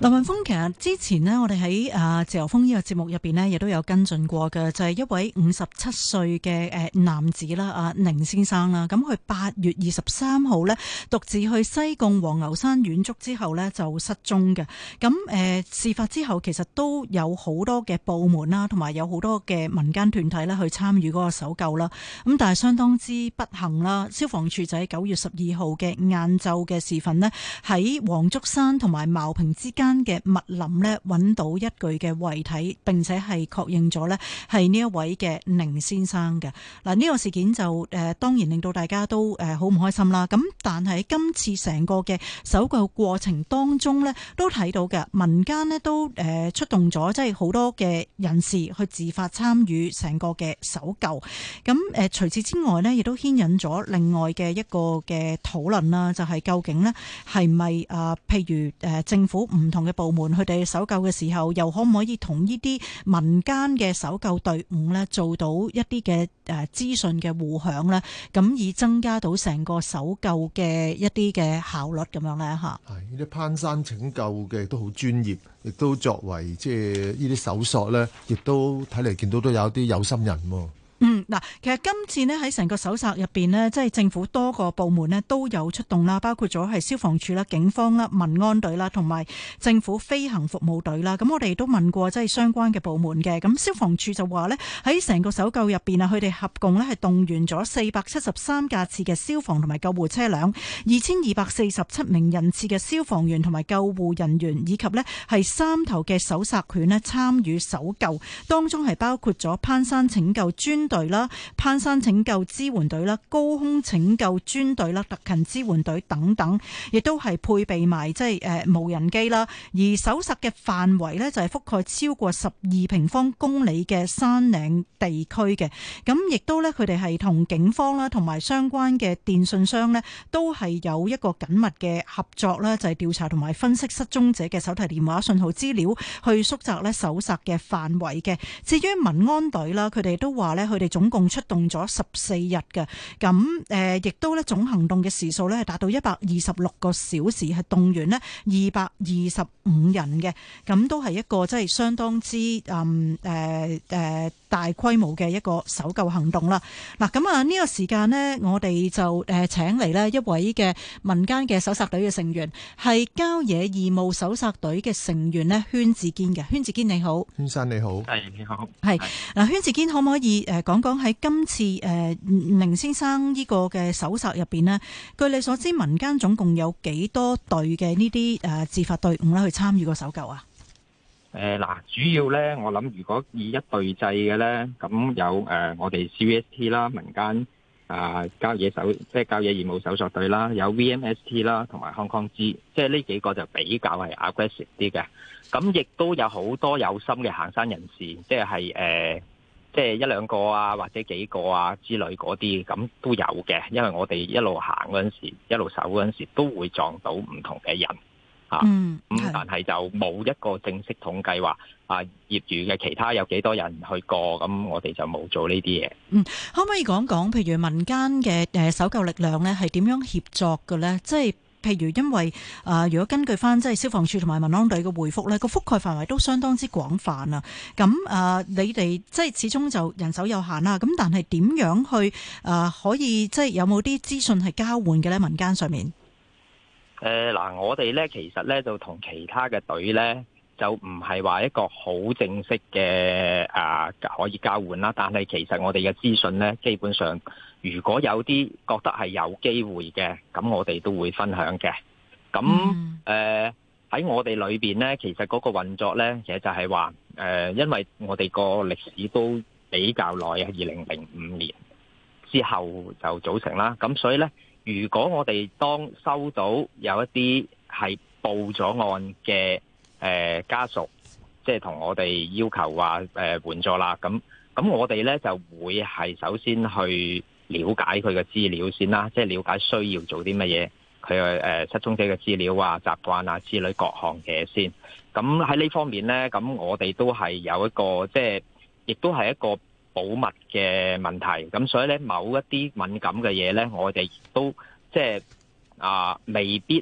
林文峰，其實之前咧，我哋喺啊《自由風》呢個節目入邊咧，亦都有跟進過嘅，就係、是、一位五十七歲嘅誒男子啦，阿、呃、寧先生啦。咁佢八月二十三號咧，獨自去西貢黃牛山遠足之後咧，就失蹤嘅。咁、呃、誒，事發之後其實都有好多嘅部門啦，同埋有好多嘅民間團體咧去參與嗰個搜救啦。咁但係相當之不幸啦，消防處就喺九月十二號嘅晏晝嘅時分咧，喺黃竹山同埋茅坪之間。嘅密林咧，揾到一具嘅遺體，並且係確認咗咧，係呢一位嘅寧先生嘅。嗱呢個事件就誒，當然令到大家都誒好唔開心啦咁但係今次成個嘅搜救過程當中咧，都睇到嘅民間咧，都誒出動咗即係好多嘅人士去自發參與成個嘅搜救。咁誒除此之外咧，亦都牽引咗另外嘅一個嘅討論啦，就係、是、究竟咧，係咪啊譬如誒政府唔同。嘅部門，佢哋搜救嘅時候，又可唔可以同呢啲民間嘅搜救隊伍呢，做到一啲嘅誒資訊嘅互享呢？咁以增加到成個搜救嘅一啲嘅效率咁樣呢？嚇。係呢啲攀山拯救嘅都好專業，亦都作為即係呢啲搜索呢，亦都睇嚟見到都有啲有心人，哦。嗱，其實今次咧喺成個搜查入邊咧，即係政府多個部門咧都有出動啦，包括咗係消防處啦、警方啦、民安隊啦，同埋政府飛行服務隊啦。咁我哋都問過，即係相關嘅部門嘅。咁消防處就話咧，喺成個搜救入邊啊，佢哋合共咧係動員咗四百七十三架次嘅消防同埋救護車輛，二千二百四十七名人次嘅消防員同埋救護人員，以及咧係三頭嘅搜索犬咧參與搜救，當中係包括咗攀山拯救專隊啦。攀山拯救支援隊啦、高空拯救專隊啦、特勤支援隊等等，亦都係配備埋即係誒無人機啦。而搜尋嘅範圍咧就係覆蓋超過十二平方公里嘅山嶺地區嘅。咁亦都咧，佢哋係同警方啦，同埋相關嘅電訊商咧，都係有一個緊密嘅合作啦，就係調查同埋分析失蹤者嘅手提電話信號資料，去縮窄咧搜尋嘅範圍嘅。至於民安隊啦，佢哋都話咧，佢哋總。共出動咗十四日嘅，咁誒，亦都咧總行動嘅時數咧係達到一百二十六個小時，係動員咧二百二十五人嘅，咁都係一個即係相當之誒誒誒大規模嘅一個搜救行動啦。嗱，咁啊呢個時間咧，我哋就誒請嚟咧一位嘅民間嘅搜索隊嘅成員，係郊野義務搜索隊嘅成員咧，禤志堅嘅，禤志堅你好，禤生你好，係你好，係嗱，禤志堅可唔可以誒講講？喺今次誒凌、呃、先生個的裡面呢個嘅搜索入邊咧，據你所知民間總共有幾多隊嘅呢啲誒自發隊伍咧去參與過搜救啊？誒嗱、呃，主要咧，我諗如果以一隊制嘅咧，咁有誒、呃、我哋 CVST 啦，民間啊郊、呃、野搜即係郊野義務搜索隊啦，有 VMST 啦，同埋康康支，即係呢幾個就比較係 aggressive 啲嘅。咁亦都有好多有心嘅行山人士，即係誒。呃即係一兩個啊，或者幾個啊之類嗰啲，咁都有嘅。因為我哋一路行嗰陣時，一路搜嗰陣時，都會撞到唔同嘅人、嗯、啊。咁但係就冇一個正式統計話啊，業主嘅其他有幾多人去過，咁、嗯、我哋就冇做呢啲嘢。嗯，可唔可以講講，譬如民間嘅誒、呃、搜救力量咧，係點樣協作嘅咧？即係。譬如因為啊，如果根據翻即係消防處同埋民安隊嘅回覆，呢個覆蓋範圍都相當之廣泛啊。咁啊、呃，你哋即係始終就人手有限啦。咁但係點樣去啊、呃？可以即係有冇啲資訊係交換嘅呢？民間上面？誒嗱，我哋呢其實呢就同其他嘅隊呢，就唔係話一個好正式嘅啊、呃、可以交換啦。但係其實我哋嘅資訊呢，基本上。如果有啲覺得係有機會嘅，咁我哋都會分享嘅。咁誒喺我哋裏邊呢，其實嗰個運作呢，其實就係話誒，因為我哋個歷史都比較耐啊，二零零五年之後就組成啦。咁所以呢，如果我哋當收到有一啲係報咗案嘅誒家屬，即係同我哋要求話誒援助啦，咁咁我哋呢就會係首先去。了解佢嘅資料先啦，即係了解需要做啲乜嘢，佢誒失蹤者嘅資料啊、習慣啊之類各項嘢先。咁喺呢方面呢，咁我哋都係有一個，即係亦都係一個保密嘅問題。咁所以呢，某一啲敏感嘅嘢呢，我哋都即係啊，未必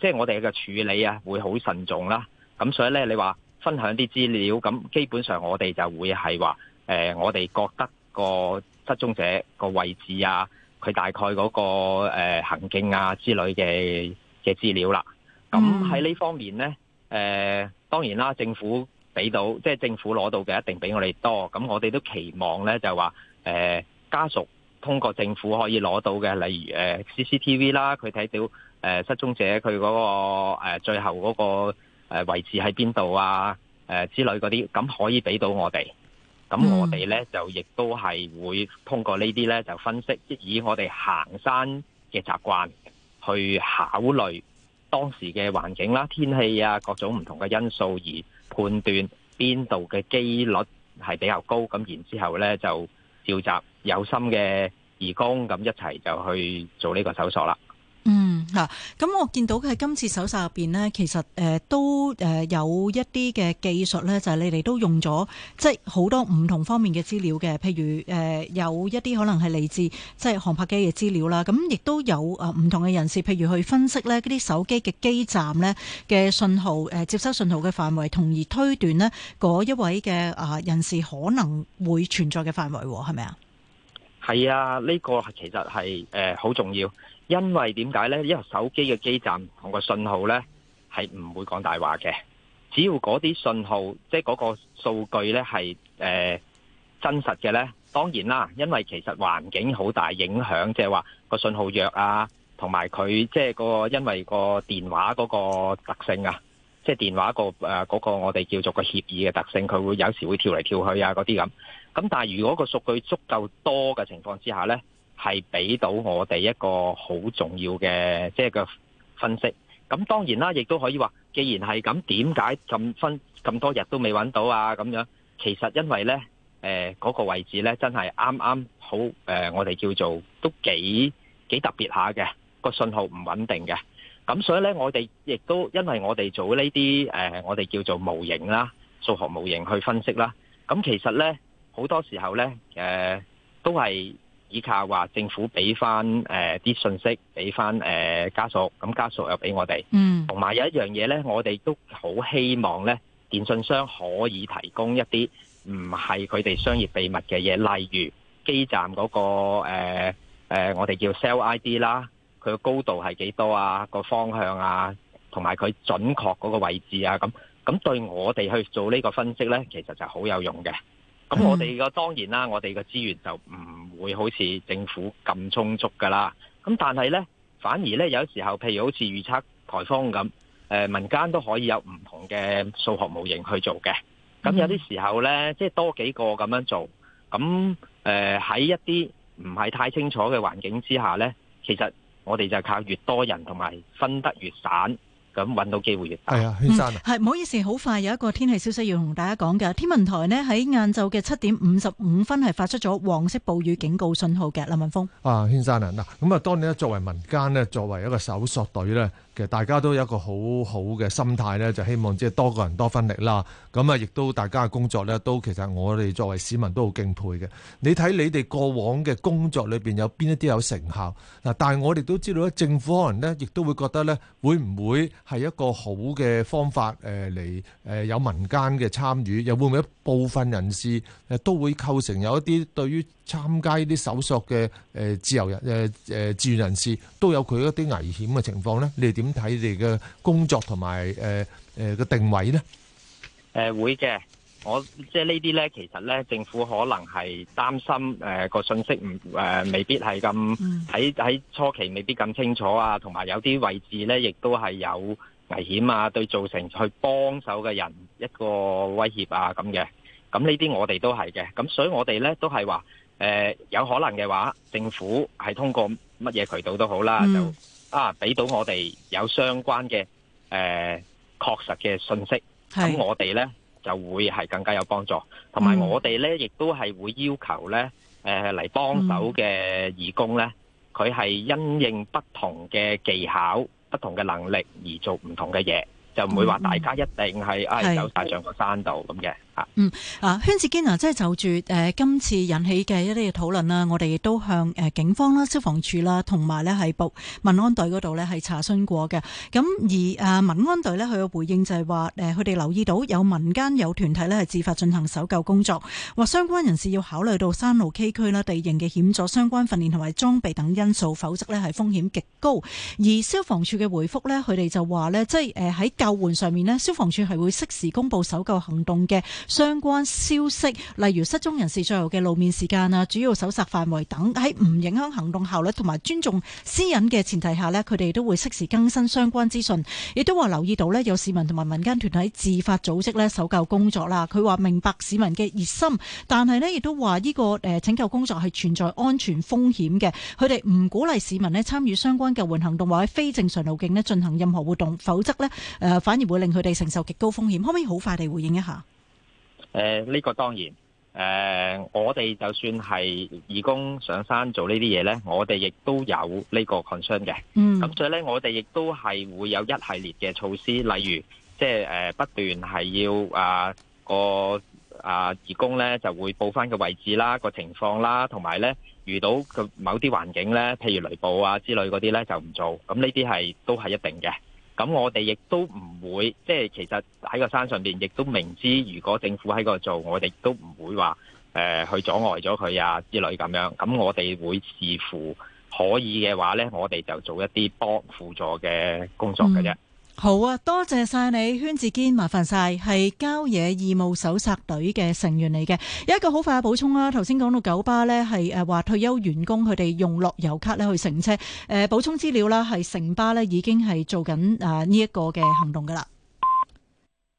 即係我哋嘅處理啊，會好慎重啦。咁所以呢，你話分享啲資料，咁基本上我哋就會係話誒，我哋覺得個。失蹤者個位置啊，佢大概嗰、嗰個誒、呃、行徑啊之類嘅嘅資料啦。咁喺呢方面呢，誒、呃、當然啦，政府俾到即係、就是、政府攞到嘅，一定比我哋多。咁我哋都期望呢，就話誒、呃、家屬通過政府可以攞到嘅，例如誒、呃、CCTV 啦，佢睇到誒失蹤者佢嗰、嗰個誒、呃、最後嗰個誒位置喺邊度啊，誒、呃、之類嗰啲，咁可以俾到我哋。咁我哋呢就亦都係會通過呢啲呢就分析，即以我哋行山嘅習慣去考慮當時嘅環境啦、天氣啊、各種唔同嘅因素，而判斷邊度嘅機率係比較高。咁然之後呢就召集有心嘅義工咁一齊就去做呢個搜索啦。嗱，咁、啊、我見到喺今次搜索入邊呢，其實誒、呃、都誒有一啲嘅技術呢，就係、是、你哋都用咗即係好多唔同方面嘅資料嘅，譬如誒、呃、有一啲可能係嚟自即係、就是、航拍機嘅資料啦，咁、啊、亦都有啊唔同嘅人士，譬如去分析呢啲手機嘅基站呢嘅信號誒、呃、接收信號嘅範圍，同而推斷呢嗰一位嘅啊人士可能會存在嘅範圍，係咪啊？係啊，呢個其實係誒好重要。因為點解呢，因為手機嘅基站同個信號呢係唔會講大話嘅。只要嗰啲信號，即係嗰個數據呢係誒真實嘅呢，當然啦，因為其實環境好大影響，即係話個信號弱啊，同埋佢即係、嗰個因為個電話嗰個特性啊，即係電話、個誒、嗰個我哋叫做個協議嘅特性，佢會有時會跳嚟跳去啊，嗰啲咁。咁但係如果個數據足夠多嘅情況之下呢係俾到我哋一個好重要嘅，即係個分析。咁當然啦，亦都可以話，既然係咁，點解咁分咁多日都未揾到啊？咁樣，其實因為呢，誒嗰個位置呢真係啱啱好，誒我哋叫做都幾幾特別下嘅，個信號唔穩定嘅。咁所以呢，我哋亦都因為我哋做呢啲誒，我哋叫做模型啦，數學模型去分析啦。咁其實呢，好多時候呢，誒都係，依靠話政府俾翻誒啲信息俾翻誒家屬，咁家屬又俾我哋。嗯，同埋有一樣嘢咧，我哋都好希望咧，電信商可以提供一啲唔係佢哋商業秘密嘅嘢，例如基站嗰個誒誒，我哋叫 cell ID 啦，佢嘅高度係幾多啊？個方向啊，同埋佢準確嗰個位置啊，咁咁對我哋去做呢個分析咧，其實就好有用嘅。咁、嗯、我哋個當然啦，我哋個資源就唔會好似政府咁充足噶啦。咁但係呢，反而呢，有時候，譬如好似預測颱風咁，誒、呃、民間都可以有唔同嘅數學模型去做嘅。咁有啲時候呢，即係多幾個咁樣做。咁誒喺一啲唔係太清楚嘅環境之下呢，其實我哋就靠越多人同埋分得越散。咁揾到機會越大。嗯，係啊。嗯，禤生，係唔好意思，好快有一個天氣消息要同大家講嘅，天文台呢喺晏晝嘅七點五十五分係發出咗黃色暴雨警告信號嘅，林文峰。啊，禤生啊，嗱，咁啊，當你作為民間呢，作為一個搜索隊咧。其實大家都有一個好好嘅心態，咧，就希望即係多個人多分力啦。咁啊，亦都大家嘅工作咧，都其實我哋作為市民都好敬佩嘅。你睇你哋過往嘅工作裏邊有邊一啲有成效嗱？但係我哋都知道咧，政府可能咧亦都會覺得咧，會唔會係一個好嘅方法？誒嚟誒有民間嘅參與，又會唔會一部分人士誒都會構成有一啲對於參加呢啲搜索嘅誒自由人誒誒志願人士都有佢一啲危險嘅情況咧？你哋點？睇你哋嘅工作同埋誒誒個定位咧，誒會嘅。我即係呢啲咧，其實咧政府可能係擔心誒個信息唔，誒未必係咁，喺喺初期未必咁清楚啊，同埋有啲位置咧亦都係有危險啊，對造成去幫手嘅人一個威脅啊咁嘅，咁呢啲我哋都係嘅，咁所以我哋咧都係話誒有可能嘅話，政府係通過乜嘢渠道都好啦就。啊！俾到我哋有相關嘅誒確實嘅信息，咁我哋呢就會係更加有幫助。同埋我哋呢，亦都係會要求呢誒嚟幫手嘅義工呢，佢係因應不同嘅技巧、不同嘅能力而做唔同嘅嘢，就唔會話大家一定係啊走曬上個山度咁嘅。嗯，啊，禤志堅啊，即係就住、是、誒、呃、今次引起嘅一啲討論啦、啊，我哋亦都向誒、呃、警方啦、消防處啦，同埋呢係部民安隊嗰度呢係查詢過嘅。咁而誒民安隊呢，佢嘅、嗯啊、回應就係話，誒佢哋留意到有民間有團體呢係自發進行搜救工作，話相關人士要考慮到山路崎嶇啦、地形嘅險阻、相關訓練同埋裝備等因素，否則呢係風險極高。而消防處嘅回覆呢，佢哋就話呢，即係誒喺救援上面呢，消防處係會適時公布搜救行動嘅。相關消息，例如失蹤人士最後嘅露面時間啊，主要搜查範圍等，喺唔影響行動效率同埋尊重私隱嘅前提下咧，佢哋都會適時更新相關資訊。亦都話留意到有市民同埋民間團體自發組織呢搜救工作啦。佢話明白市民嘅熱心，但係呢亦都話呢個誒拯救工作係存在安全風險嘅。佢哋唔鼓勵市民咧參與相關救援行動，或者非正常路徑咧進行任何活動，否則呢反而會令佢哋承受極高風險。可唔可以好快地回應一下？誒，呢、呃，這個當然，誒、呃，我哋就算係義工上山做呢啲嘢呢，我哋亦都有呢個 concern 嘅。嗯，咁所以呢，我哋亦都係、mm. 會有一系列嘅措施，例如即係誒，就是、不斷係要啊，個啊義工呢就會報翻個位置啦，個情況啦，同埋呢遇到個某啲環境呢，譬如雷暴啊之類嗰啲呢，就唔做。咁呢啲係都係一定嘅。咁我哋亦都唔會，即係其實喺個山上邊，亦都明知如果政府喺度做，我哋都唔會話誒、呃、去阻礙咗佢啊之類咁樣。咁我哋會視乎可以嘅話呢，我哋就做一啲幫輔助嘅工作嘅啫。嗯。好啊，多謝晒你，禤志堅，麻煩晒，係郊野義務搜索隊嘅成員嚟嘅。有一個好快嘅補充啦，頭先講到九巴呢，係誒話退休員工佢哋用落油卡咧去乘車，誒、呃、補充資料啦係城巴呢已經係做緊誒呢一個嘅行動㗎喇。